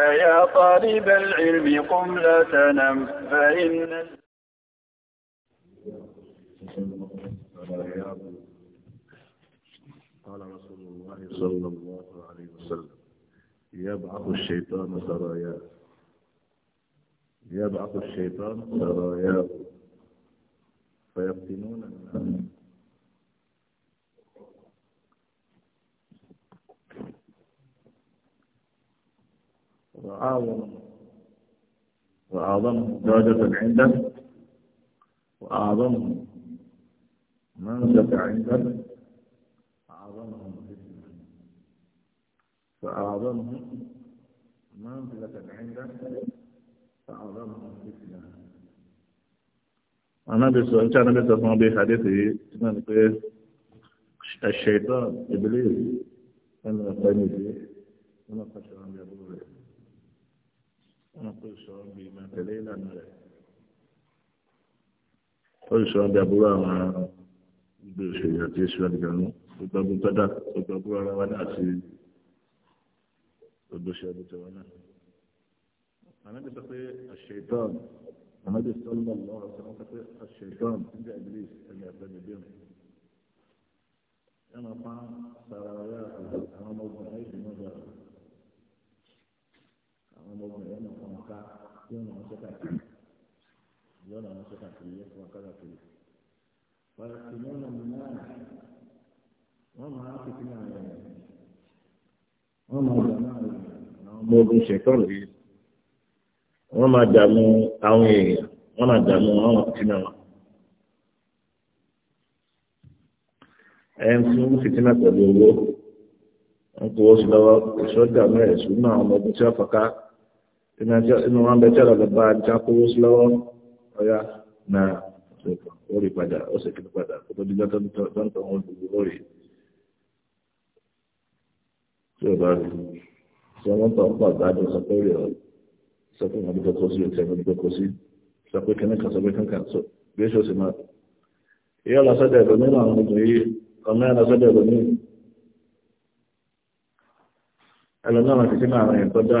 يا طالب العلم قم لا تنم فإن قال رسول الله صلى الله عليه وسلم يبعث الشيطان سراياه يبعث الشيطان سراياه فيفتنون الناس وأعظم وأعظم درجة عنده وأعظم منزلة عنده أعظمهم فتنة فأعظمهم منزلة عنده فأعظمهم فتنة أنا بس كان أنا بس حديثي بحديثي الشيطان إبليس أنا قيمتي أنا قشرا بأبوه wọn kò sọ ọ́n bí máa tẹ̀lé ìlànà rẹ̀ ó sì sọ ọ́n bí aburú àwọn gbogbo òṣèlú àti èṣù àdìgbàmú gbogbo ọdún tọ́dà gbogbo aburú ara wa náà àti gbogbo òṣèlú àdìgbà wa náà. ànábì sọ pé àṣetán ànábì sọ lọ́wọ́ lọ́wọ́ sọ wọ́n sọ pé àṣetán nígbà ìbílẹ̀ ẹ̀mí àtẹ̀mí bí mi. ẹ máa pa sàrà ọ̀rẹ́ àwọn ọmọ ogun ayé ìdùnnú bá àwọn ọmọ ogun ẹ̀yẹ́ náà ká yóò nà ọsẹ káàkiri yóò nà ọsẹ káàkiri yẹ fún akáàkiri. pàtàkì yóò nà mí náà wọn máa fìtí náà rẹ wọn máa náà àwọn ọmọ ogun yìí wọn máa àwọn èèyàn wọn máa àwọn fìtínà wọn. fún fìtínà pẹ̀lú owó wọn kò wọ́n sí lọ́wọ́ ìṣọ́jà ọmọ ogun inú wọn bẹ́ẹ̀ tẹ́lọ̀ lọ́ba jákòó sí lọ́wọ́ ọ̀yá náà ó rí padà ó sì kí padà kó tó dídá tó ń tọ́ wọn lù ó rí tí ó bá rí tí wọ́n tọ́ ń pọ̀ gbádùn sọ pé rí ọ sọ pé wọn dídá kó sí òtí ẹ̀mí dídá kó sí sọ pé kíní kan sọ pé kíní kan bí ó sì máa ìyá lọ́sọ̀dẹ̀ ẹ̀dọ̀ nínú àwọn ọmọ yìí ọmọ ẹ̀ lọ́sọ̀dẹ̀ ẹ̀dọ̀ nínú ẹlòmíràn ti sínú àwọn ẹ̀kọ́ dá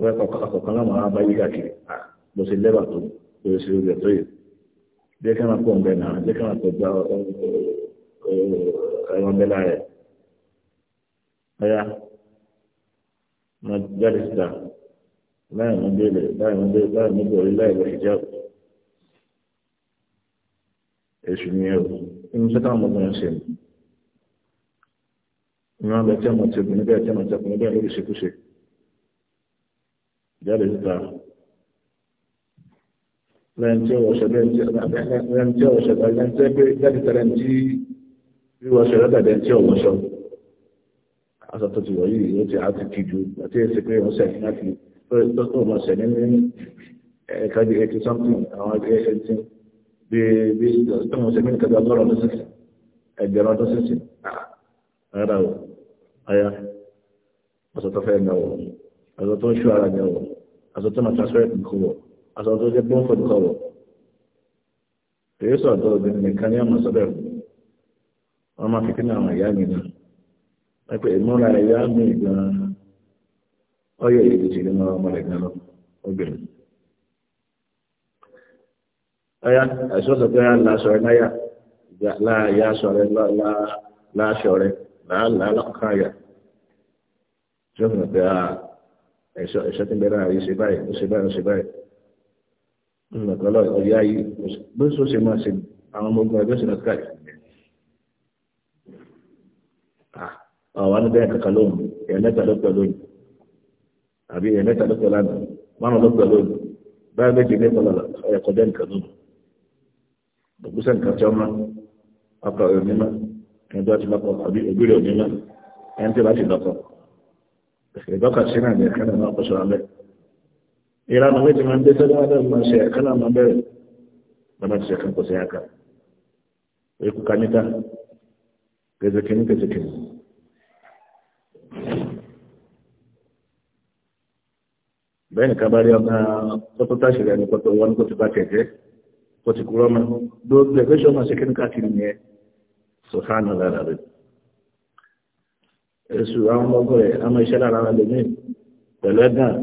wọ́n kọ̀ọ̀kan láwọn ará báyìí kàkiri bó ṣe lẹ́bà tó bó ṣe orí ẹ̀ tó yẹ lẹ́kàn àpò ọ̀gbẹ náà lẹ́kàn àpò gba ẹ̀rọ ọ̀gbẹ láàrẹ̀ ọ̀yá máa jáde síta láì mú bẹ́ẹ̀lẹ̀ láì mú bẹ́ẹ̀lẹ̀ láì mú bẹ́ẹ̀lẹ̀ láì lọ hijab èṣù ni ẹ̀rọ inú sẹ́kà ọmọbìnrin ṣe ni wọ́n á lọ tí ọmọ tí obìnrin bẹ́ẹ̀ tí ọmọ tí ọkùnrin bẹ́ẹ̀ lórí ṣekúṣe jáde síta lẹ́yìn tí ọwọ́ ṣẹlẹ̀ lẹ́yìn tí ọwọ́ ṣẹlẹ̀ lẹ́yìn tí ẹgbẹ́ jáde síta lẹ́yìn tí wíwọ ṣẹlẹ̀ dàbí ẹni tí ọwọ́ ṣọ aṣọ tó ti wọ̀ yìí yóò ti àti kìjú àti ẹsẹ̀ pé wọ́n sẹ̀ nígbà tí tó tó wọ́n ẹ̀ka bí eighty something àwọn ẹgbẹ́ eighteen bí bí tó wọ́n sẹ̀ ní ìkàgbà lọ́rọ̀ tó sẹ̀sẹ̀ ẹgbẹ̀rún ọdún sẹ̀sẹ̀ ah, rárá o aya aṣọ tó fẹ́ náà aṣọ tó máa transparent nìkan wọ̀ aṣọ tó jẹ́ pọ́ńfọ̀ nìkan wọ̀ èyí sọ àtọ́ obìnrin nìkan ní àmọ̀ sọ́bẹ̀ wọ́n máa fi kí ní àwọn ìyá mi náà wọ́n pe ìmúra ìyá mi gan-an ọyọ ìdíje ti nínú ọmọ rẹ̀ gan-an obìnrin. ọyá ẹ̀ṣọ́ sọ pé láṣọ rẹ̀ láyà láàyà aṣọ rẹ̀ láṣọ rẹ̀ láàlá lọ́kàn àyà tí ó fi ẹ̀ṣọ́ ẹ̀ṣọ́ tí ń bẹ lára yìí ṣe báyìí ó ṣe báyìí ó ṣe báyìí nǹkan lọ ọ̀yá yìí bó ṣe ṣe máa ṣe àwọn ọmọ ogun ẹgbẹ́ ìṣẹ̀lẹ̀ káàkiri ah, àwọn anígbẹ̀yìn kankan lóhùn èèyàn mẹ́ta ló pẹ̀ lónìí àbí èèyàn mẹ́ta ló pẹ̀ lánàá márùn ló pẹ̀ lónìí báyìí méjì ní ìpọ̀lọ̀ ẹ̀kọ́ dẹ́ nǹkan lóhùn ògbúsẹ̀ nǹkan ìgbọ́kà sí náà ní ẹ̀kánà náà pọ̀ṣọ́ alẹ́ ìlànà méjì máa ń dé sọ́dọ̀ wájú máa ṣe ẹ̀kánà máa bẹ̀rẹ̀ bàbá ti ṣẹ̀kán kò sí àkà ikú kaníta kẹsìkìní kẹsìkìní bẹ́ẹ̀ nìkan bá rí ọmọ tọ́tọ́ táṣìlẹ̀ ẹni pọ̀tọ̀ wọn kó ti bá kẹ̀kẹ́ kó ti kúrọ́ mọ́ gbogbo ẹgbẹ́ ṣọ́ máa ṣe kíní káàkiri sọ̀hánà lára rẹ̀ èsù àwọn ọmọkùnrin rẹ àmọ́ iṣẹ́ lára wọn lè mìíràn pẹ̀lú ẹ̀gàn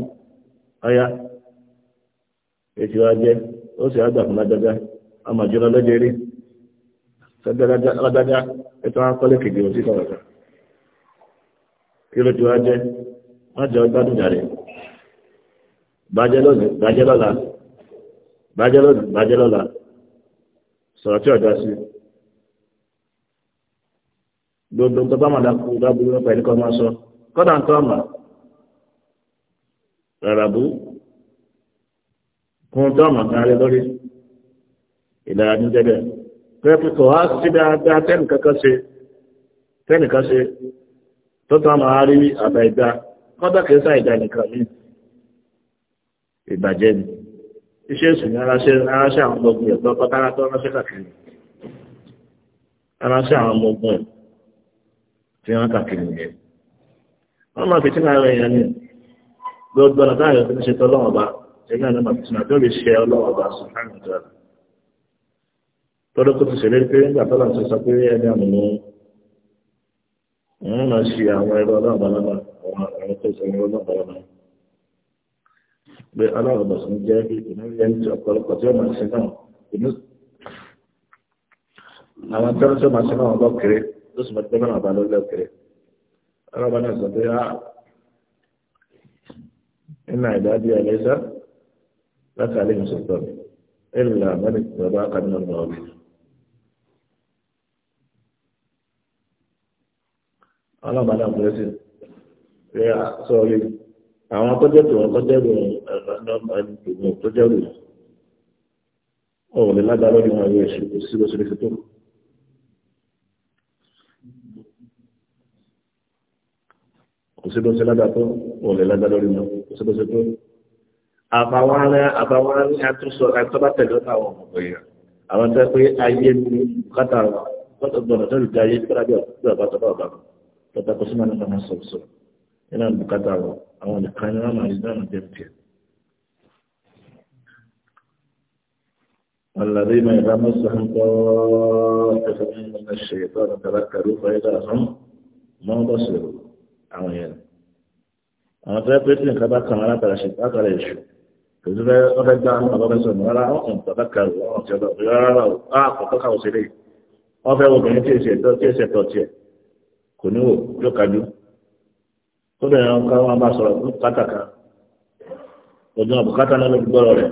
ètò ajẹ́ ó sì àgbà fún ládájá àmọ́ ìjọba lọ́jọ́ eré ládájá ètò kejì òsì kí ló ti wá jàre gbogbo tó bá mọ̀ dá kú dábúrú nípa ẹni kan máa sọ kọ́dà ń tọ́ àmà rárá bú kún tọ́ àmà kan rẹ lórí ìlànà ní jẹ́bẹ̀ pẹ́ẹ́pẹ́tọ̀ á sí dáadáa tẹ́nìkan kan ṣe tẹ́nìkan ṣe tó tọ́ àmà rí àbá ìdá kọ́dà kìí sá ìdá nìkan ní ìbàjẹ́ ni iṣẹ́ ìsìn aráṣẹ́ àwọn ọmọ ogun ẹ̀ tọ́ pátá tó ránṣẹ́ kàkiri aráṣẹ́ àwọn ọmọ ogun ẹ̀ tí wọ́n kàkiri yẹn wọ́n máa fìtínà ara èèyàn ní gbogbo ọ̀nà táyọ̀ tó ń ṣe tọ́lọ́wọ́ bá ẹgbẹ́ àná máa fìtínà tó lè ṣe ọlọ́wọ́ bá sùnfàmì tó rà tọ́lọ́ tó ti ṣe lérí pé nígbà tọ́lọ́ ti sọ pé ẹni àmì ní wọ́n máa ṣe àwọn ẹ̀rọ ọlọ́ọ̀bá lọ́nà àwọn ẹ̀rọ tó ṣe ẹ̀rọ ọlọ́ọ̀bá lọ́nà pé aláwọ̀bọ̀ sì ń jẹ́ ìpínlẹ̀ ẹni tí ọ̀pọ̀lọpọ̀ tí ó máa ṣe náà àwọn tí wọ́n ti máa ṣe tó sì mọ̀ pé mẹ́rin àbálọ́ lẹ́kẹ̀ẹ́ arábá náà sọ pé á iná ìdádí ẹlẹ́sà láti alẹ́ mi sọ̀tọ̀ ẹ̀là mẹ́rin bàbá kanínà lọ́ọ̀bì. alábá náà bẹ̀rẹ̀ sí pé á sọ̀rí àwọn tọ́jọ́ tó wọ́n tọ́jọ́ rò ẹ̀rọ tó jẹ́ rò ọ̀rọ̀ lè lágbára lórí wọn yóò ṣe kò sí lóṣèlú tó kù kò sí bó ṣe lágbà tó wọ́n lè lágbà lórí wọn kò sí bó ṣe tó àbáwọn àbáwọn àtúnṣọ àtọ́bá tẹ̀lé àwọn ọmọ èèyàn àwọn tẹ́ pé ayé ní kátà gbọ́dọ̀ tó lè jẹ́ ayé tó rábí ọ̀pá tọ́bá ọ̀bá tọ́ta kò sí máa nípa máa sọ̀rọ̀ sọ̀rọ̀ nínú àbùkátà àwọn nìkan ni wọ́n máa rí náà jẹ́ tiẹ̀ الذين إذا مسهم طائفة من الشيطان تذكروا فإذا هم منبصرون àwọn yẹn àwọn tó yẹ pé tí nǹkan bá kàn án látara ṣe látara èṣù kò sí fẹ́ wọ́n fẹ́ gbá àwọn ọlọ́fẹ́ sọ̀rọ̀ rárá ọ̀hún tọ́lá kàrò ọ̀hún tí ọlọ́fẹ́ rárá o á kò tọ́ka ò sílé wọ́n fẹ́ obìnrin tí èsì ẹ̀tọ́ tí èsì ẹ̀tọ́ tiẹ̀ kò ní wò yóò kájú ó bẹ̀rẹ̀ wọn ká wọn bá sọ̀rọ̀ kátàkà ojú àbùkátà náà ló gbọ́rọ̀ rẹ̀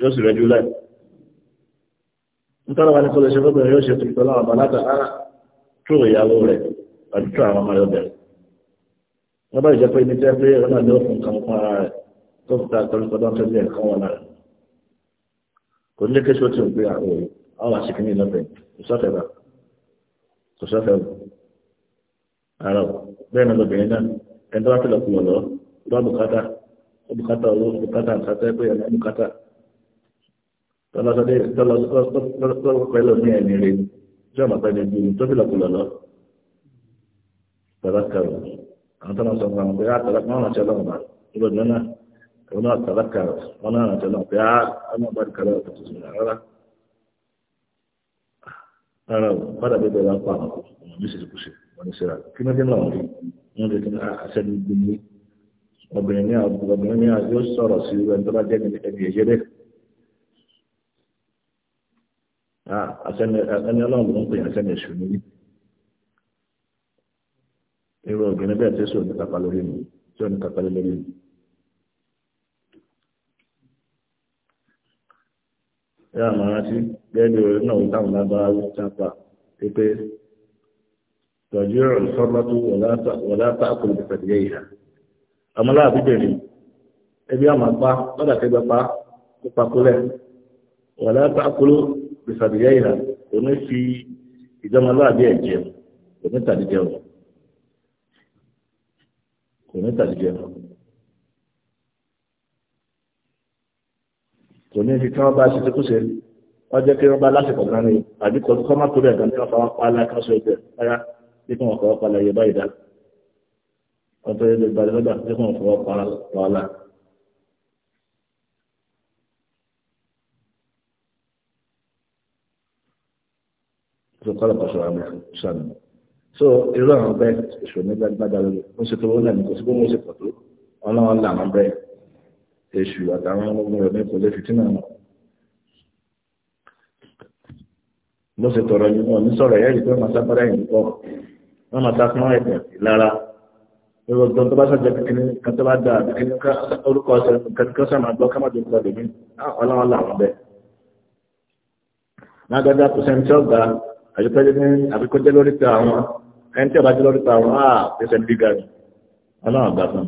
yóò sì rẹ́jú láì nítorí wà ní kọlọ̀ ṣe fọ́bìnrin yóò ṣe tó ìtọ́lá ọ̀bà látara tó ìyàwó rẹ̀ àti tó àwọn ọmọ rẹ̀ bẹ̀rẹ̀ wọ́n bá ìjọ pé ibi tẹ́ pé ọ̀nà ló fún kan fún ara rẹ̀ tó fi ta àtọ́lù tọ́lá tó bí ẹ̀kan wọn rẹ̀ kò ní lékè sóòtì òpin àwọn òye àwọn àṣìkí ní ìlọ́fẹ̀ kò sọ́fẹ̀ bá kò sọ́fẹ̀ bá ara bẹ́ẹ̀ náà lóbìnrin náà ẹni tó bá fẹ́ lọ kùmọ̀ bá bùkátà bùkátà owó bùkátà nǹkan tẹ́ pé ẹ̀ tọ́lọ́sọdé tọ́lọ́sọdé pẹ̀lú ní ẹ̀mí rẹ̀ tí ọmọ pẹ̀lú ju tó fi lọ́kùlọ̀ lọ tọ́lọ́kàrù àwọn tọ́lọ́ sọ fún àwọn pé á tọ́lọ́ wọn rántí ọlọ́run bá ibò ní ọ̀nà òun náà tọ́lọ́kàrù wọn náà rántí ọlọ́run pé á ọmọ bá kàlẹ́ ọ̀tọ̀ tuntun rárá rárá o padà bẹ́ẹ̀ bẹ́ẹ̀ pa àwọn ọmọ mi sì kù sí wọn ní sira kí ló dé náà rí wọn lè tún àṣẹ obìnrin ẹni ọlọ́run ló ń pè àṣẹ ẹ̀ṣù ní irú obìnrin bẹ́ẹ̀ tí ó sì ní kápá lórí mi tí ó ní kápá lórí mi. ẹ àmọ́ rántí gẹ́gẹ́ bí náà wọ́n táwọn lábára pé tọ́jú ìhà ọmọláàbí bèrè ẹbí àmọ́ pa lọ́dà pa bisàbíyá ìhà òní fi ìjọmọláàbí ẹ̀ jẹun òní tàbí jẹun òní tàbí jẹun òní fi kí wọ́n bá ṣe tó ṣe wọ́n jẹ́ kí wọ́n bá lásìkò gan ni àbí kọ́ má tó bẹ̀ gan ni wọ́n fọwọ́ pa aláìkan sọ ẹgbẹ́ rárá bí kí wọ́n fọwọ́ pa aláyẹ báyìí dá ọ̀tọ̀ ẹgbẹ́ gbàdúrà bí kí wọ́n fọwọ́ pa aláìkan tó kọ́ lọ́pọ̀ sọ̀rọ̀ àmì sọ̀nù so irú àwọn bẹ́ẹ̀ ìṣòro gbàgbà lórí ó ṣe tó lẹ́nu kò sí bó wọ́n ṣe pọ̀ tó ọlọ́run là wọn bẹ́ẹ̀ èṣù àtàwọn ọmọ rẹ̀ kò lè fi tínà wọn. bó ṣe tọrọ yìí wọn ní sọ̀rọ̀ ẹ̀rí pé màá sábàrà yìí pọ̀ wọ́n màá sáfún ẹ̀kọ́ ìlara gbogbo tó bá ṣàjẹ́ kékeré kan tó bá da kékeré orúkọ ọ̀sẹ̀ kan sàmà gbọ́ ká má dé nǹkan lèmi ọlọ́run là wọn bẹ́ẹ̀. lágbàdá kò sẹ́ni tí ó ga àyíkọ́jẹ́ ní àbíkọ́jẹ́ lórí ta àwọn ẹni tí àbájẹ́ lórí ta àwọn á pèsè bí ọlọ́run àgbà kan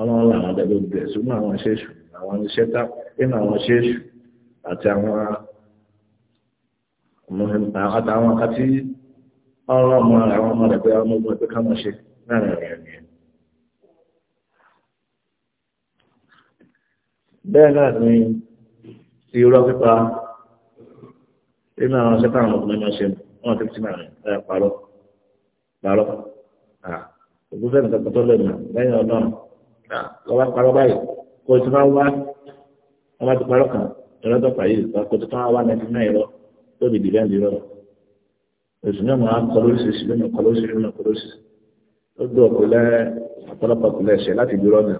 ọlọ́run làwọn àgbà lórí tẹ̀ ṣùgbọ́n àwọn iṣẹ́ èṣù àwọn iṣẹ́ tá nínú àwọn iṣẹ́ èṣù àti àwọn àtàwọn àti ọlọ́run ọmọ àwọn ọmọ rẹ̀ pé ọmọ ogun ẹgbẹ́ ká mọ̀ ṣe láàrin ọ̀rẹ́ ẹ̀mí ẹ̀. bẹ́ẹ̀ náà ni ti irọ́ pípa nínú àwọn ọ̀sẹ̀ táwọn ọkùnrin máa ń ṣe wọn àti tí màrin ẹ parọ́ parọ́ à ògúnfẹ́ nìkan kan tó lè mà lẹ́yìn ọ̀nà à lọ́wọ́ parọ́ báyìí kó o ti máa wá wọn bá ti parọ́ kan ìrọ́tọ̀ pàyè kó o ti máa wá ninety nine lọ lórí dìbẹ́ǹdì lọ oṣù náà máa ń kọ lóríṣiríṣi lónà kọ lóríṣiríṣi lónà kọ lóríṣiríṣi ó gbé ọ̀pọ̀lẹ́ ọ̀pọ̀lọpọ̀ ọ̀pọ̀lẹ́ ẹ̀ṣẹ̀ láti dúró náà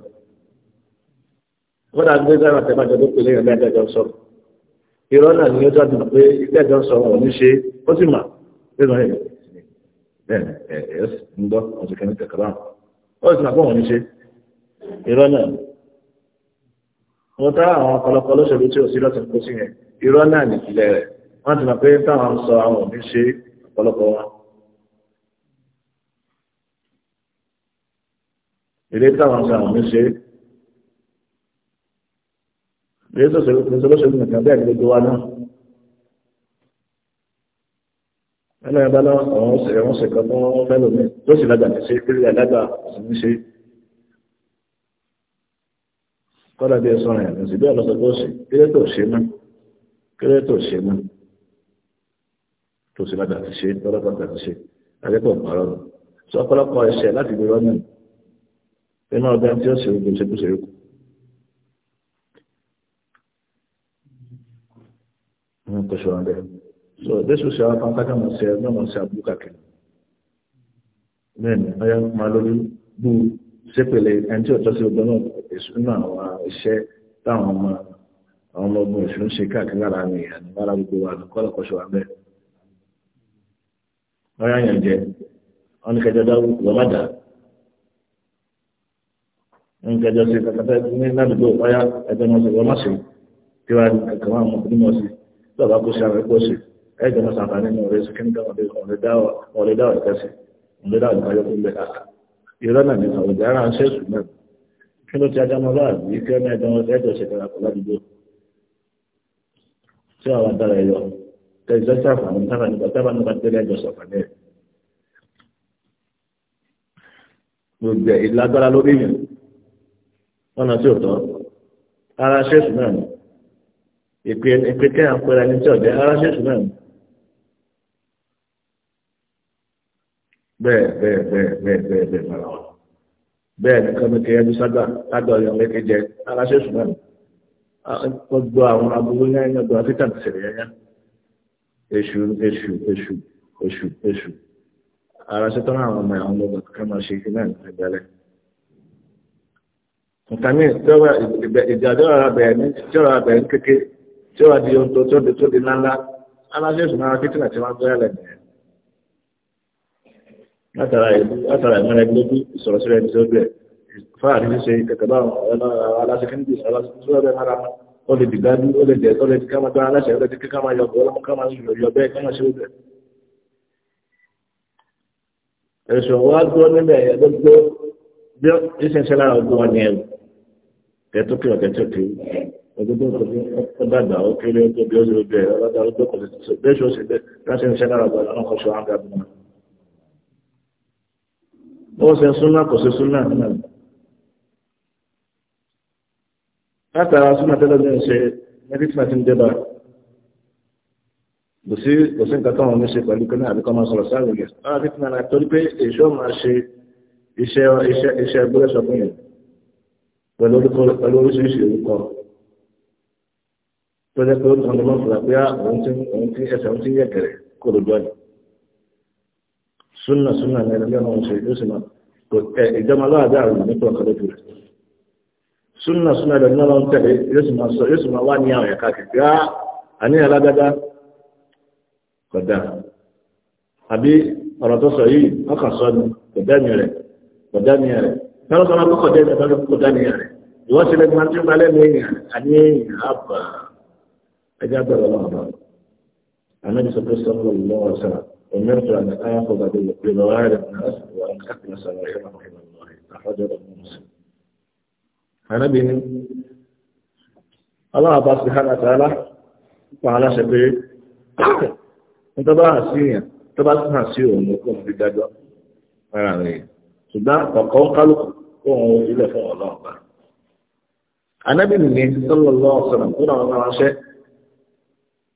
wọ́n dà gbé sára tẹ́ bá irọ́ náà ni ó tọ́jú mọ̀ pé ilé ẹ̀jọ́ sọ ọ̀ ní ṣe ó sì mà bẹ́ẹ̀ ẹ̀ ẹ̀ ń gbọ́ kẹ́mi ó sì mà ní ṣe náà ni tá àwọn ọ̀pọ̀lọpọ̀ tí kìí sọ sọlọ́sọ̀rọ̀ nìkan bẹ́ẹ̀ gbogbo wa náà ẹnu ẹ̀bá náà ọ̀hún ṣe ẹ̀wọ̀n ṣe kan fún fẹ́lòmí tó sì lágbà ní ṣe pílẹ̀ lágbà sí ní ṣe kọ́dà bí ẹ̀sọ́ rẹ̀ ní síbí ọ̀lọ́sọ̀ tó ṣe kílẹ̀ tó ṣe mọ́ kílẹ̀ tó ṣe mọ́ tó sì lágbà ti ṣe tọ́lọ́pọ̀ gbà ti ṣe akẹ́kọ̀ọ́ pàrọ̀ sọ ọ̀pọ̀lọpọ̀ ẹ̀ṣẹ̀ láti gbé rọ́ọ̀nù nínú ọgbẹ́ tí ó ṣe gbèsè gbèsè yòókù ní kò ṣọ̀rọ̀ so jésù ṣe àwọn pàǹkà náà ṣe ẹgbẹ́ wọn ṣe àbúrò kàkiri bẹ́ẹ̀ni ọyá máa lórí bú sépèlè ẹni tí ọ̀tọ́ sí ọgbẹ́ náà èṣù nínú àwọn iṣẹ́ táwọn ọmọ àwọn ọmọ ogun èṣù ń ṣe káàkiri lára àwọn èèyàn ní lára gbogbo wa kọ́lọ̀ kọ́ṣọ́ wa bẹ́ẹ̀ ọyá yẹn jẹ ọ̀nìkẹjọ dáwọ́ lọ́mọdà ọ̀nìkẹjọ sí kàkàtà ní ládùúgbò ọyá ẹgbẹ́ wọn ṣe wọ́n má ṣe kí wàá kàkà wọn àwọn lọ́ba kó sí àwọn ẹgbẹ́ sí ẹjọ́ náà sàǹfà nínú rẹ̀ sí kíníkà wọn lè dáwọ̀ ìkẹsì wọn lè dáwọ̀ ìkẹsì fún bẹ́ẹ̀ kàkà ìrọ́ náà nìkan òjò ara ń ṣèṣù náà kí ló ti ajámọ́ bá àbí kí ọ́nà ẹjọ́ wọn ẹjọ́ ṣe kẹra pọ̀ ládùúgbò tí àwọn adára ẹyọ tẹ̀síọ́ sàfàmù tábà nípa tábà nípa tẹ́lẹ̀ ẹjọ́ sọ̀fàmù ẹ̀ gbogbo ìlágbára lórí yìí wọn náà sí òtọ́ ara ṣèṣù náà èpè èpè kẹ́hìn àpẹẹrẹ ní tí ọ̀dẹ́ ara ṣèṣù náà bẹ́ẹ̀ bẹ́ẹ̀ bẹ́ẹ̀ bẹ́ẹ̀ bẹ́ẹ̀ bẹ́ẹ̀ mara wọn bẹ́ẹ̀ ní kọ́mẹ́kẹ́ ẹbí sábà ládọ̀ ọ̀yọ́ mẹ́kẹ́ jẹ ara ṣèṣù náà gbogbo àwọn aburú náà ń gbọ́ títà tẹ̀lé yẹn èṣù èṣù èṣù èṣù èṣù ara ṣètò àwọn ọmọ àwọn ọmọ kan máa ṣe iná ìgbẹ́lẹ̀ nǹkan mìíràn ìjọba ìjọba àbẹ̀rẹ̀ ní ìjọba àbẹ̀rẹ̀ kékeré tí ó wà di ohun tó tó di tó di ńláńlá aláṣẹ ìsúná akéetí àti wọn gbéra lẹ nìyẹn látara ìmọ̀ràn ẹgbẹ́ bí ìsọ̀rọ̀ sílẹ̀ ní sọ́gbẹ̀ fáàrí ṣíṣe ìkẹ̀kẹ̀ báwọn aláṣẹ kíndì aláṣẹ tó lọ́bẹ̀ mara ó lè dìgbà bí ó lè jẹ́ tó lè ti ká máa gbá aláṣẹ ó lè ti ká ká máa yọ bọ́ ká máa yọ bẹ́ẹ̀ ká máa ṣe ó ẹ̀sùn wa gbọ́ nílẹ̀ ẹ̀dọ́gbọ́ bí ìṣẹ̀ṣẹ̀ lára ọgbọ́n ni ẹ̀rù kẹtùkì ọ̀kẹtùkì ọdún tó fi ọdàgbà ó kéré tó bí ó ṣe gbé ọlọ́dà ó dókòó sí ṣe bẹ́ẹ̀ ṣe ó ṣe bẹ́ẹ̀ láti ń ṣe lára ọgbà lọ́nà kan ṣọ àgbà bí wọn. ó ṣe súnà kò ṣe súnà náà. látara súnà tẹ́lẹ̀ ní ṣe mẹ́tìtìmá ti ń débà. kò sí kò sí nǹkan táwọn oníṣe pẹ̀lú kí náà tó jẹ́ pé ó tún lọ́wọ́ fúra pé àwọn tí ẹsẹ̀ ń tí yẹ kẹrẹ kó lójú ọ̀nà súnà súnà ní ẹlẹ́gbẹ́ náà ń ṣe yóò sì máa kò ẹ ìjọba aláàbí àrùn nípa ọ̀kadà jù rẹ̀ súnà súnà ní ẹlẹ́gbẹ́ náà ń tẹ̀lé yóò sì máa sọ yóò sì máa wá ní àwọn ẹ̀ka kìkì ah, àníyàn alágbádá kọ̀dà àbí ọ̀rọ̀ tó sọ yìí wọ́n sọ ni kọ̀dá ni rẹ̀ kọ̀dá ni rẹ̀ tẹ́lọ́sọ̀rọ̀ kọ̀dá ni rẹ̀ ìwọ́sílẹ̀ gbọ́n tí ó balẹ̀ ní àníyàn àbà ẹjá bẹ̀rẹ̀ náà bá anábì sọ pé sọ́kọ̀ lọ́wọ́ sá أمرت أن آخذ بظواهر الناس وأن أكنس رحمه الله أخرجه مسلم anábì ní aláàbá sí hánàtàlá pa aláṣẹ pé ní tó bá hàn sí èèyàn tó bá hàn sí òun kó fi dájọ́ ara rẹ̀ ṣùgbọ́n ọ̀kọ́ kálukú kó òun ilẹ̀ fún ọlọ́ọ̀bá anábì nìyẹn sallallahu alaihi wasallam tó náà ránṣẹ́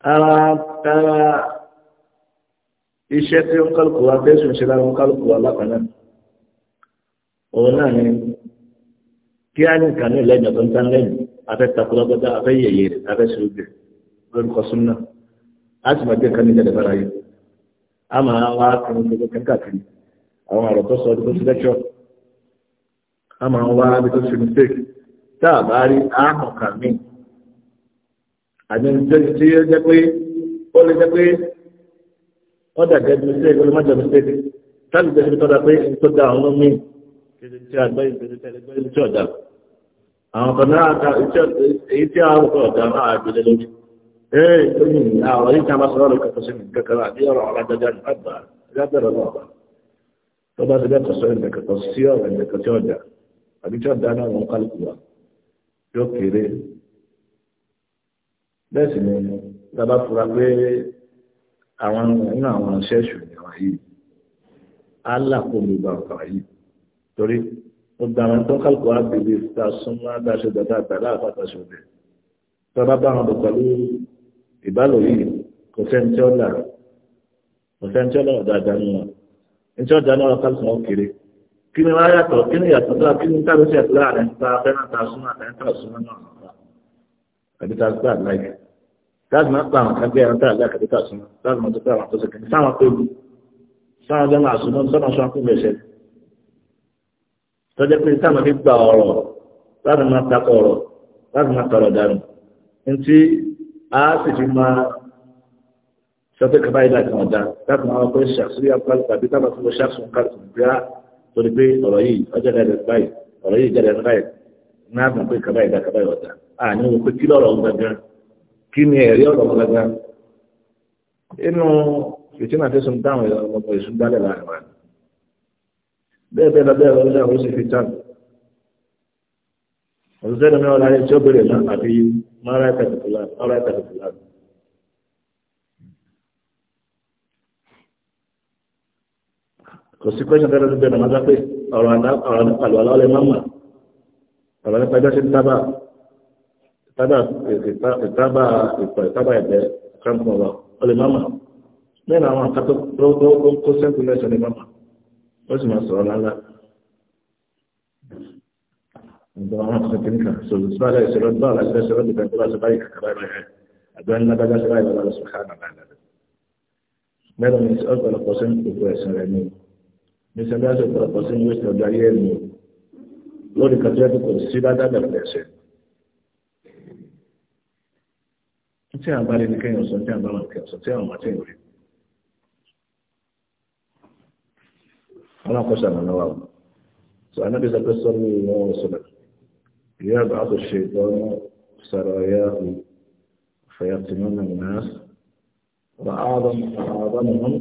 ara iṣẹ́ tí ó ń kálukú wa fẹ́sùn ṣe lára ń kálukú wa lápàá náà òun náà ni kí á ní nǹkan ní lẹ́yìn ọ̀tọ̀ ń tán lẹ́yìn afẹ́ takulọ́gbọ́dá afẹ́ yẹ̀yẹ̀ rẹ̀ afẹ́ ṣògbè lórúkọ súnmọ́ a sì máa gbé nǹkan ní ìjẹ̀lẹ̀ bára yìí a máa wá kiri gbogbo kankáàkiri àwọn àrò tó sọ ọdún lẹ́kṣọ̀ a máa wá bí tó ṣe mistake tá a bá rí àmọ̀kà míì àbí jẹ́ni tí ó jẹ́ pé ó lè jẹ́ pé ó dàgẹ́ bí ṣe ìgbọ́n má jẹun ṣe táàbì jẹ́ ibi tó dá pé ibi tó dá àwọn ọmọ mi kiri tí a gbọ́ ibi tí ọ̀dà àwọn kan náà ta èyí tí a rúkọ ọ̀dà náà àgbélé lórí ee lórí àwọn èyí tí a máa sọ̀rọ̀ kẹfẹ́ sí kankan àbí ọ̀rọ̀ alájọjá ní àgbà lábẹ́rẹ̀ náà wà tó bá ti bẹ́ẹ̀ bẹ́ẹ̀ sì ni bàbá fura pé àwọn nínú àwọn ṣẹ́ẹ̀ṣù ni àwọn yìí allah kò lè gba ọ̀kan yìí torí gbogbo àwọn tó kálukọ̀ àgbègbè ta súnmọ́ adáṣọ dàda àtàlà àfàtàṣọ bẹ̀ tọ́lá bá wọn bọ̀ pẹ̀lú ìbálò yìí kò sẹ́ni tí ó là kò sẹ́ni tí ó lọ́wọ́ dáadáa nínú wọn ní tí ó dáná wọn kálukọ̀ wọn kéré kí ni wọn yàtọ̀ kí ni yàtọ̀ tó kí ni tábìlì ṣe àtúrà rẹ̀ ń ta fẹ́ràn ta súnmọ́ àtẹ̀ńtà súnmọ́ náà àbí tá a gbà láìpẹ́ láti máa pa àwọn kan bí ẹran tá a gbà kàbí tá a súnmọ́ láti máa tó pé àwọn tó sọkẹ́ sáwọn pé mi sáwọn jẹ́ máa súnmọ́ sọ́nà sọ́nà fún ìbẹ̀ṣẹ̀ tọ́jẹ́ pé sáwọn fi gba ọ̀rọ̀ láti máa takọ̀ ọ̀rọ̀ láti máa tọrọ dànù ntí a sì fi máa sọ pé kaba yìí láti máa dá láti máa wọ́n pé apáli tàbí tábà tó àní wò pé kí lọ́rọ̀ gbẹ̀gbẹ̀ kí ni ẹ̀rí ọ̀rọ̀ gbẹ̀gbẹ̀ inú fìtínà tí sùn dáhùn ọmọ ìsún dálẹ̀ láàrin wa bẹ́ẹ̀ bẹ́ẹ̀ lọ́bẹ̀ ọ̀rọ̀ ìṣàwọ̀ sí fìtán òṣìṣẹ́ ni wọ́n láyé tí ó bèrè náà àbí mara ìtàkùtùlá kò sí pẹ́ṣẹ̀ tẹ́lẹ̀ lọ́bẹ̀ náà má dá pé ọ̀rọ̀ nípa lọ́lẹ́ máa mọ̀ ọ̀rọ̀ nípa ẹjọ́ sí ń ìtàbà ẹ̀bẹ̀ kàmpọ̀ wa ọlẹ́mọ́mà mẹ́rin àwọn akátó tó sẹ́kù lẹ́sẹ̀ ọlẹ́mọ́mà ó sì máa sọ̀rọ̀ lálá ìgbọ̀n àwọn akọ̀tọ̀ kìnnìkan sọ̀rọ̀ sí báyìí sọ̀rọ̀ bá àlàyé sọ̀rọ̀ sọ̀rọ̀ bìkan tó bá sọ báyìí kàkà báyìí báyìí àgbẹ̀ ńlá bá dáṣẹ́ báyìí lọ́wọ́ sọ̀rọ̀ kàkà báyìí mẹ́rin ní ọ̀pọ̀lọpọ̀ sí gbogbo ẹ̀sìn rẹ̀ ni ní sẹ́ńdásí ọ̀pọ̀lọpọ̀ sí ní wíṣọ̀ darí ẹ̀ ni lórí kàtúwẹ́ sí bá dábẹ̀ pẹ̀lẹ́sẹ̀ tí a bá lè ní kẹ́yìn ọ̀sán tí a bá lè ọ̀sán tí a wọ́n tí ìwé ọlọ́kọ́ sàmàlà wà sọ anábì sọ pé sọ́nù ìwọ̀ ọ̀sọ̀lẹ̀ ìyá àgbà àtò ṣe ìtọ́nà sọ̀rọ̀ ẹ̀yà fẹ̀yàtìmọ́nà náà wà áàbọ̀mọ̀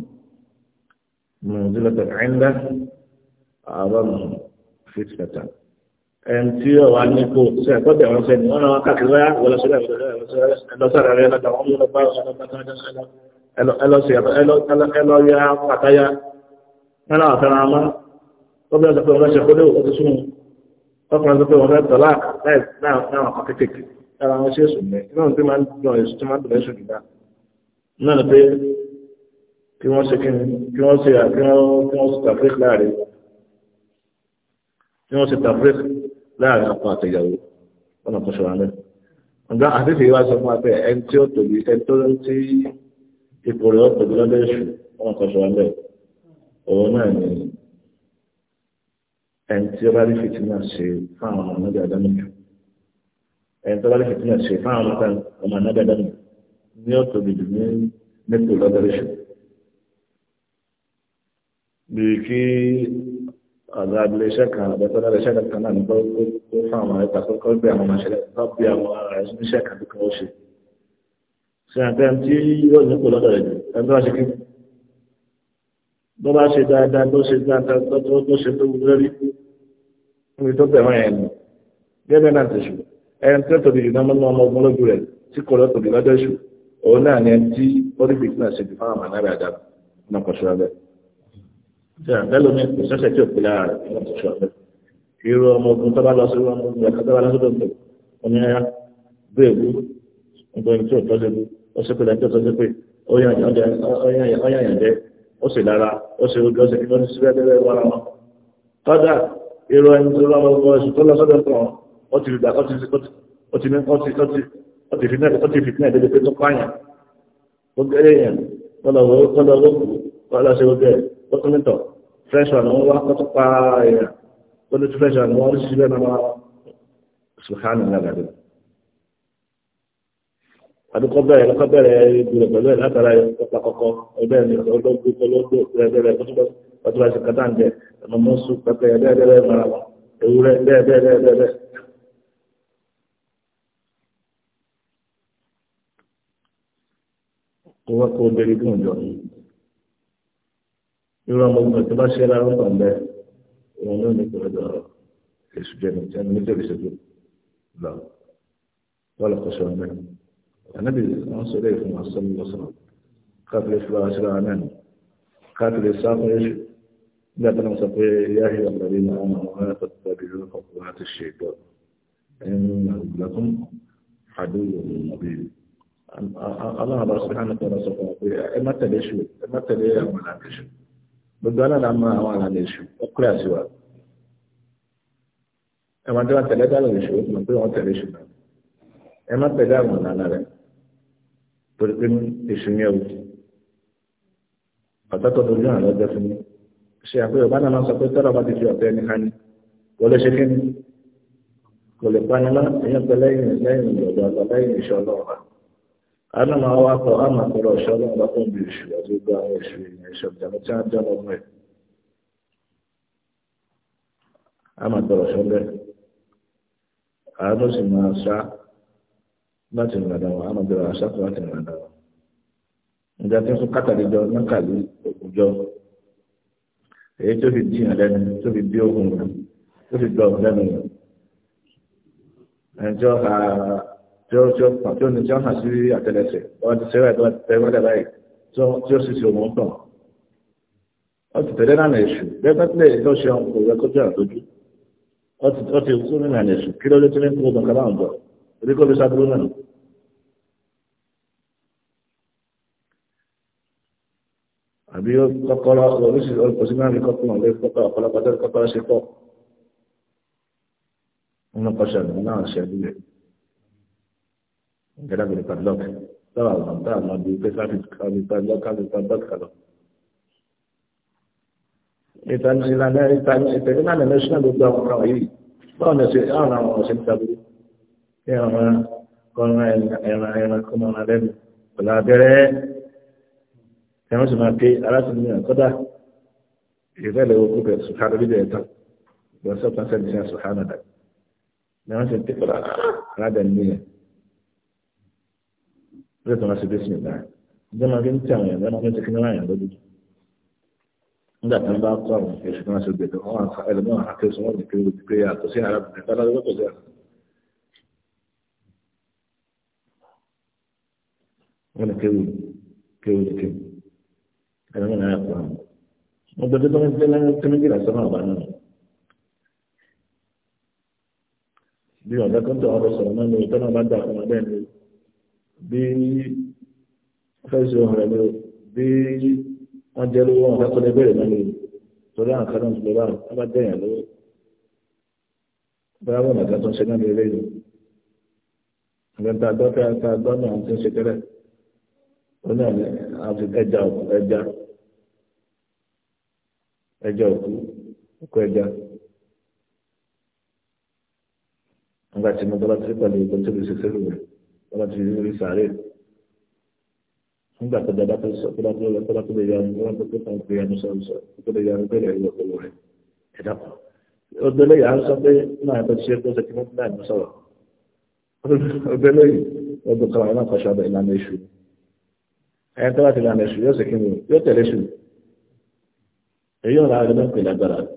منزلة عنده أعظمهم فتنة ẹni tí ó wà ní kò sí ẹ̀kọ́ tẹ̀ wọ́n sẹ́ni wọ́n náà káàkiri wáyà wọlé sílẹ̀ ẹlọ́sàrà rẹ̀ lọ́dà wọ́n mú lọ bá ẹlọ́yà pàtáyà wọn náà fẹ́ràn amá wọ́n bẹ́ẹ̀ sọ pé wọ́n ṣe kó léwu ọtí súnmù ọkùnrin sọ pé wọ́n fẹ́ tọ́lá láì náà kọ́ kékeré ara wọn ṣe sùn mẹ́ iná tí máa ń dùn èso tí máa ń dùn èso jùlá náà ni pé kí wọ́n ṣe kí wọ́n ṣe àkíwọ́n kí wọ́n ṣe tàfíríkì láàrin kí wọ́n ṣe tàfíríkì láàrin ọkọ àtẹ̀yàwó ọ̀nà kan ṣọ̀rọ̀ náà. ǹgbà àdéhùn yìí wá sọ fún wa pé ẹni tí ó tóbi ẹni tó ń tí ipò rẹ̀ ó tóbi lọ́dọ̀ ọ̀nà kan ṣọ̀rọ̀ náà. òun náà ni ẹni tí ó bá rí fìtínà ṣe fáwọn ọmọ náà dáadáa nìjọ. ẹni tó bá rí fìtínà ṣe fáwọn ọmọ náà dáadáa nìjọ ni ó tóbi jù ní nípò lọ́dọ̀ èṣù. bìrì kí ọ̀gá iléeṣẹ́ kan àbẹ́tọ́lá iléeṣẹ́ kan náà ní kó fún àwọn ẹ̀ka kọ́kọ́ bí àwọn ọmọọṣẹ́ kọ́ bí àwọn ara ẹ̀ níṣẹ́ kan kọ́ ó ṣe. ṣé àgbẹ̀ tí yóò nípò lọ́dọ̀ rẹ̀ jù ẹgbẹ́ wa ṣe kí bó bá ṣe dáadáa tó ṣe dáadáa tó ṣe tó wúlò rí níbi tó bẹ̀rẹ̀ yẹn nù gẹ́gẹ́ náà ti ẹni tó tóbi jù náà mọ́ ọmọ ogun lójú rẹ̀ tí kò ṣe àgbẹ̀lò mi kò sẹ́sẹ̀ tí ò pè lára rẹ̀ nígbà tó ṣe ọ̀fẹ́ irú ọmọ ogun tó bá lọ sí ọmọ ogun ẹ̀ka tó bá lọ sódò tó omi ẹ̀yà gbé ègbú nǹkan tí ò tọ́jú ègbú ó sì pèlè tí ò tọ́jú pé ó yàn yànjẹ ó sì lára ó sì ojú ọ̀sẹ̀ kí wọ́n ti síbẹ̀ bẹ́ẹ̀ wára wọn. kọ́dà irú ẹni tó lọ́mọ ogun ẹ̀sùn tó lọ sódò tó ó ti fi náà dédé pé tó pààyàn gbogbo ẹ̀yàn kọ́dà owó kọ́dà owó kọ́dà ṣe gbogbo ẹ̀ ó tún nítọ̀ fresh one wọ́n wá kó tó pa èèyàn ó wọ́n ṣí bẹ́ẹ̀ náà sùhánù lágàdé àdúkọ bẹ̀rẹ̀ lọ́kọ́ pẹ̀lú ẹ̀ látara kọ́kọ́ ẹgbẹ́ irú ọmọ ogun tó bá ṣe lára ń tàn bẹ́ẹ̀ wọn ló ní kí wọ́n dọ̀ èṣù jẹ́ ní nítorí ní ìjọba ìṣẹ́jú lọ kọ́ṣọ́ ọmọ ẹ̀ ànábì wọn sọ lé fún wọn sọmọ lọ́sọ̀rọ̀ káàkiri fúlọ́ aṣọ́ra náà káàkiri sáfún èṣù nígbà tó ń sọ pé yáhì ọ̀gbẹ̀rẹ̀ náà wọn àwọn ará tó tẹ̀lé ìlú ọkùnrin láti ṣe ìgbọ̀ ẹ̀yìn àgbẹ̀kún àdúgbò ẹ má tẹ̀lé èṣù ẹ má tẹ̀lé àwọn ṣù. gbogbo alára máa àwọn àlànà èṣù ọkùnrin àti wà ẹ máa tẹ́lá tẹ̀lé dáná èṣù ó mọ̀ pé wọ́n tẹ̀lé èṣù náà ẹ má tẹ̀lé àwọn àlànà rẹ̀ torí pé èṣù ní ẹ̀wù ọ̀tọ́tọ̀ tó ní àlọ́ jẹ́ fún mi ṣe àpé ọba náà máa sọ pé tọ́lá bá ti fi ọ̀tẹ́ ní kò lè ṣe kí ni kò lè panimá èèyàn pẹ́ lẹ́yìn lẹ́yìn ìjọba lẹ́yìn ana ma wá kọ á máa tọrọ ọ̀ṣọ́ ọlọ́run lọ́kùn bí èṣù àti gbogbo àwọn èṣù èèyàn èṣù ọ̀jàmọ́ tí wọ́n jẹ́ ọmọ ẹ̀ á máa tọrọ asa bẹ́ẹ̀ àánú sì máa sá láti ìrànlọ́dà wọn á máa bẹ̀rẹ̀ àṣà tó láti tí ó tí ó kàn tí ó ní tí ó hàn sí àtẹ́lẹsẹ̀ wọ́n ti sẹ́wà ìtọ́ tẹ́wọ́lẹ̀ báyìí tí ó sì sí òun tàn ó ti tẹ̀lé lánàá èṣù gẹ́gẹ́tìlẹ̀ tó ṣe ọ̀hún kò yẹ kó jẹ́ àtọ́jú ó ti ó ti kú ní lánàá èṣù kí ló dé tí ní kó gbọ̀ngàn láwọn jọ orí kó ló sábúrú náà. àbí kọ́kọ́rọ́ oríṣiríṣi oṣìmọ́rin kọ́kọ́rọ́ lé kọ́kọ́rọ́ ọ̀pọ̀lọpọ̀ tẹ́lẹ̀ kọ́kọ́rọ́ ṣe pọ̀ nínú kọ́ṣẹ́ náà ṣẹ́lẹ̀ gẹ́gẹ́ bí padlock sábà àwọn tá a máa di pé sábì kàlù padlock kàlù padlock kàlù. ìtàn ìlànà ìtàn ìtàn ìlànà national gbogbo àwọn ọmọ yìí báwo ni ṣe àwọn àwọn ọ̀sẹ̀ ń taburú kí àwọn kọ́nà ẹran ẹran kọ́ máa lẹ́nu pẹ̀lú abẹ́rẹ́ ẹran sì máa pé aláṣẹ́ni àkọ́dà ìfẹ́ lẹ́wọ́ kó bẹ̀rẹ̀ sùkárù bíbẹ̀ ẹ̀tàn ìgbọ̀nsẹ̀ pàṣẹ nìyẹn sùkárù náà lẹ́wọ́n sì ń pè pẹ̀lú aládàáni nìyẹn yóò tó máa ṣe bísí ìlà ǹjẹ́ máa fi ń tẹ àwọn èèyàn lọ́nà tó ti ní ráyàn lójú nígbà tí wọ́n bá kọ́ àwọn èèyàn ṣùgbọ́n ṣe gbèdọ̀ wọn àǹfà ẹlòmíràn àkẹ́sọ̀ wọn nìkan ló ti pé yàtọ̀ sí arábìnrin tó lọ́dọ̀ tó jẹ́ wọn kéwì kéwì kéwì ẹlòmíràn ayà kọ́ àwọn wọn gbẹdẹ tó ń gbé lẹ́nu tó ń bí fẹ́sì ohun rẹ̀ ni bí lówó wọn fẹ́kọ̀ọ́ lẹ́gbẹ̀rẹ̀ náà torí àwọn kan náà ti lọ bá wọn bá dẹ̀yàn lówó tó ń ṣe ta ń ṣe tẹ́lẹ̀ ó àti ẹja òkú ẹja ẹja òkú òkú ẹja nígbà tí mo bọ́lá wọ́n ti rí sàárè nígbà tó dáadáa tó sọ kódà tó lọ kódà tó lè yanu kódà tó tó tàn pé yanu sọ̀rọ̀ sọ tó lè yanu pé lẹ́yìn lọ́pọ̀ lọ́rẹ̀ ẹ̀dá kan ọdẹlẹ yà ń sọ pé náà ẹgbẹ́ ṣe kó sẹkí mọ́tò náà ń sọ̀rọ̀ ọdẹlẹ yìí ọdún kan àwọn akọ̀ṣọ́ ọdẹ ìlànà èṣù ẹ̀yẹn tó bá ti ìlànà èṣù yóò sẹkí mi yóò tẹ̀lé èṣù èyí ọ̀rọ̀ àgbẹ̀ náà pè lágbára rẹ̀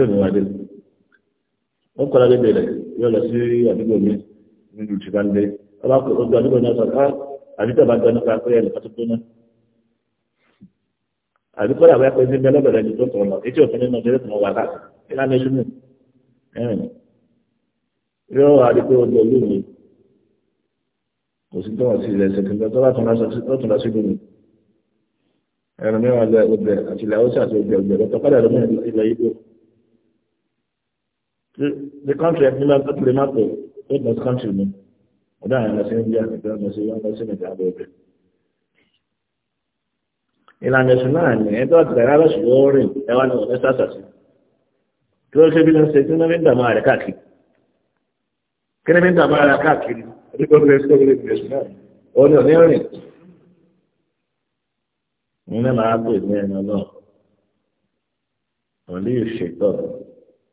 tí ò ní wáyé ó kọ́ra lédè rẹ̀ yóò lọ sí àdúgbò mi nínú ìtìbánilé ọba kò ojú àdúgbò náà sọ ká àdúgbò bá gbọ́ nípa pé ẹnì kan tó gbóná àdúgbò làwọn ẹ̀kọ́ ẹni bẹ́ẹ̀ lọ́bẹ̀rẹ̀ ẹni tó tọ̀ lọ etí òfin nínú ọjọ́ ìtàn wà káàkiri ìlànà ìṣúná ẹ̀rìn yóò wá àdúgbò ojú olú mi kò sí tọ́wọ̀ sí ilẹ̀ ẹsẹ̀ kìlọ̀ tó bá tún lọ sí lómi ẹ̀rìn mìíràn lọ ọgbẹ̀ àti ilẹ̀ haúsá àti ọgbẹ̀ ọgbẹ̀ lọ́tọ̀ The, the country has never implemented it was country ni. Ọ̀dọ́ àwọn ọmọ sí India nìkan ọmọ sí ọmọ sí nìkan ọmọ ọbẹ̀. Ìlànà ẹ̀sùn náà ni ẹjọ́ àtìgbàrá lọ́sùn ló rìn ẹwà ní ọ̀dẹ́ sàṣà sí. Kí ló ṣe bí ló ń ṣe tí wọ́n fi ń dààmú ààrẹ káàkiri? Kí ni fi ń dààmú ààrẹ káàkiri? Oníkó bí ẹsẹ̀ bí ẹsẹ̀ náà. Ó ní òní rìn. Ní mẹ́màá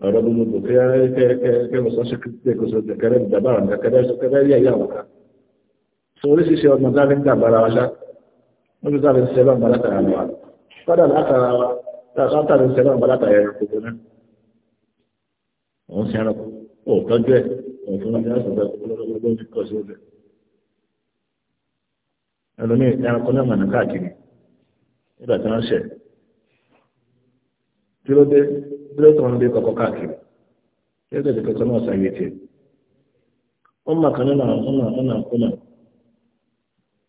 rabu mutu kai kai musu wasu kusa da karen da ba da kadar su kadar ya yawa ka so wani sisi wa mazalin da bara wasa wani zalin sai ban balata ya nawa kada da aka ta sata da sai ban balata ya rufu kuma wọn sẹ́ra ó tọ́jú ẹ̀ wọn fún ọjọ́ sọ̀rọ̀ ọlọ́gbọ́n ti kọ́ sí ọ̀dẹ̀ ẹlòmíì ẹranko náà mọ̀nà káàkiri nígbà tí wọ́n ṣẹ̀ kí ló tó ń lé kọ̀kọ́ káàkiri kí ló na kọ̀kọ́ na sáyé tiẹ̀ ó mà kan nínú àwọn ọ̀nà ọ̀nà ọ̀nà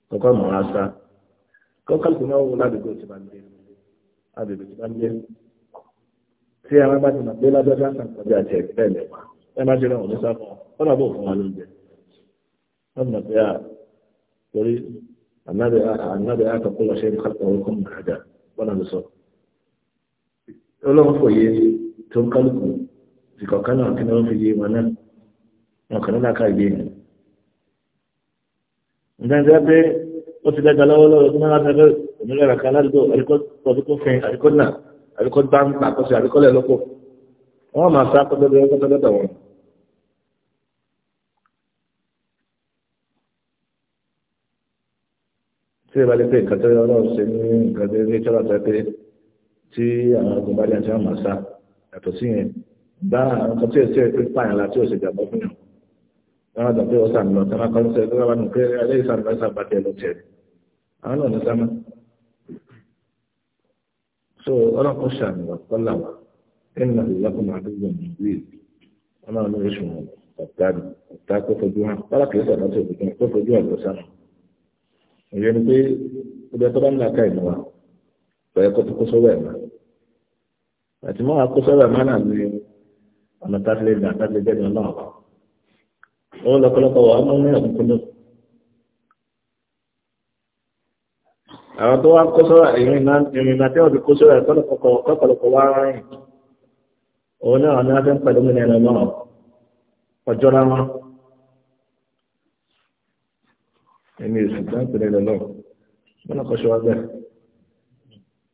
kọ̀kọ́ mọ̀ á sá kọ́kọ́ tó náà wọ ládùúgbò tí ń gbé tí ń gbé tí a máa bá ti máa gbé lábẹ́rẹ́ àtàn kọjá àti ẹ̀gbẹ́ ẹ jẹ́ ọ náà bò fún wa lóúnjẹ wọ́n mọ̀ pé à ah, torí ń kọ́ ọ̀rọ̀ kọ́ mọ̀ ọlọ́run kò yé tó ń kálukú ìkọ̀ọ̀kan náà kí wọ́n fi yé wọn náà wọn kàn nílá káàgbé yẹn. ǹjẹ́ ǹjẹ́ pé ó ti dẹ́gbà lọ́wọ́lọ́wọ́ tó máa ń dẹ́gbẹ́ òmìnira kan ládùúgbò àríkọ́tọ̀dúkọ́fin àríkọ́nà àríkọ́dáńgbà àkọsí àríkọ́lẹ̀ lọ́pọ̀ wọ́n máa sá kọ́tọ́dọ́ kọ́tọ́dọ́ wọn. tí ìbálẹ̀ pé ìkàtọ́ ọlọ́run ṣe ní nǹkan tó ń tí àwọn ogun bá dé àti àwọn màsá yàtọ̀ sí yẹn bá àwọn kan tí èsì ẹ̀kú pààyàn láti òsè jàmbá fún yàn wọn àgbà pé ọ̀sán lọ tí wọn kọ́ ní sẹ́yìn nù pé alẹ́ ìsàn bá sàbà tẹ̀ lọ tẹ̀ àwọn náà ní sámá so ọlọ́kùn sàmì wà kọ́là wà ẹ̀yìn náà lọ́kùn àdúgbò ní ìlú ìlú wọn náà ní oṣù wọn ọ̀tá ọ̀tá kó fojú hàn kọ́là kìí sọ̀rọ̀ tó fojú hàn fojú ni pé pẹ̀lú kó tó kó sọ́wọ́ ẹ̀ mọ́ àti mọ́ àkó sọ́wọ́ ẹ̀ mọ́ náà ní ọ̀nà tábìlì ìgbà tábìlì bẹ́ẹ̀ ni ọlọ́run kọ́ ó lọ́pọ̀lọpọ̀ wà á mọ́ ní ọ̀dún kúndùn. àwọn tó wá kó sọ́wọ́ ìrìnà tí ọ̀dún kó sọ́wọ́ ẹ̀ kọ́pọ̀lọpọ̀ wá rárìn òun náà ni wọ́n fẹ́ pẹ̀lú mi nínú ọlọ́run ọjọ́ rárá ẹni èsì tó ń pè ní ọlọ́run wọn náà kọ́ sọ́wọ́ bẹ́ẹ̀.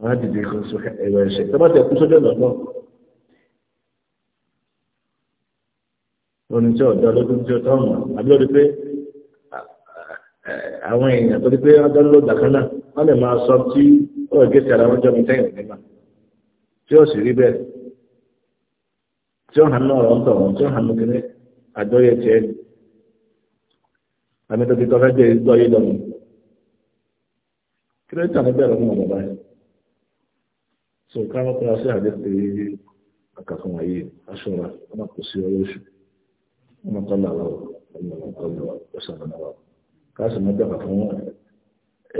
wọ́n á dìde kan sọ ẹ̀rọ ẹ̀ṣẹ̀ tó bá tẹ̀ náà tí ọ̀dọ́ lọ́dún tí ọ̀nà pé àwọn èèyàn tó pé ọjọ́ ló náà wọ́n lè máa sọ tí ó rẹ̀ gẹ́sì ara wọn mi tẹ́yìn nígbà tí ó sì rí bẹ́ẹ̀ tí ó hàn náà ọ̀rọ̀ ń tọ̀ wọ́n tí ó so káwọn kọ́ sí àdéhùn èyí àkàkùn ayé aṣọra wọn kò sí ọwọ́ oṣù wọn kọ́ làwọn ọmọ kọ́ lọ ọ̀sán àwọn káàsì máa dàgbà fún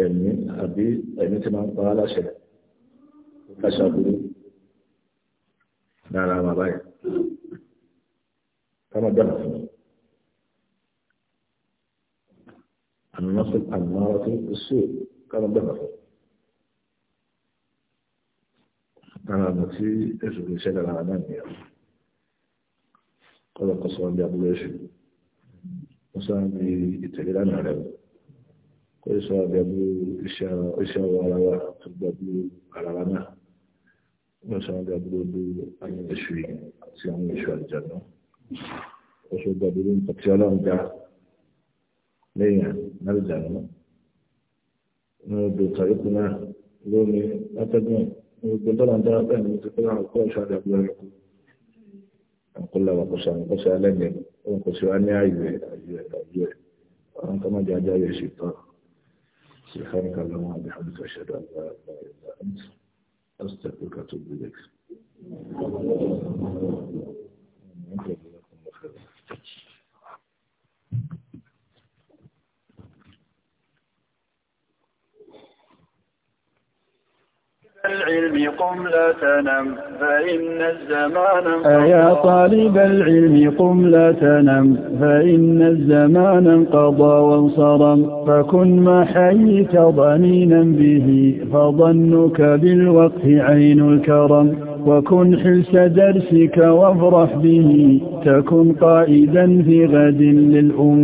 ẹ̀mí àbí ẹ̀mí tí máa ń pa á láṣẹ káṣàbùrú lára wọn báyìí káwọn dàgbà fún un. النصر المعرفي السوء كان بهر lára ọ̀nà tí ẹ̀sùn lè ṣẹlẹ̀ lára náà nìyẹn kọ́lọ̀ kọ́ sọ́ọ́ bí abúlé ṣe ó sáà bí ìtẹ̀lé lánàá rẹ̀ kó lè sọ́ọ́ bí abúlé iṣẹ́ ọwọ́ ara wa tó gbà bí ara wa náà ó sáà bí abúlé bí àwọn èṣù yìí àti àwọn èṣù àjọ náà ó sọ gbà bí nǹkan tí ọlọ́run dá lẹ́yìn náà lè tàbí kùnà lómi látẹ́gùn. وبطلع ده أهل تطلع وقوش على أبوالكم أنقل له وقوش عن قوش على أبوالكم وقوش عن عيوة عيوة عيوة وأنت ما جاء جاء الشيطان سبحانك اللهم وبحمدك أشهد أن لا إله إلا أنت أستغفرك وأتوب إليك Thank you. العلم قم لا تنم فإن الزمان أيا طالب العلم قم لا تنم فإن الزمان انقضى وانصرم فكن ما حييت ضنينا به فظنك بالوقت عين الكرم وكن حلس درسك وافرح به تكن قائدا في غد للأمم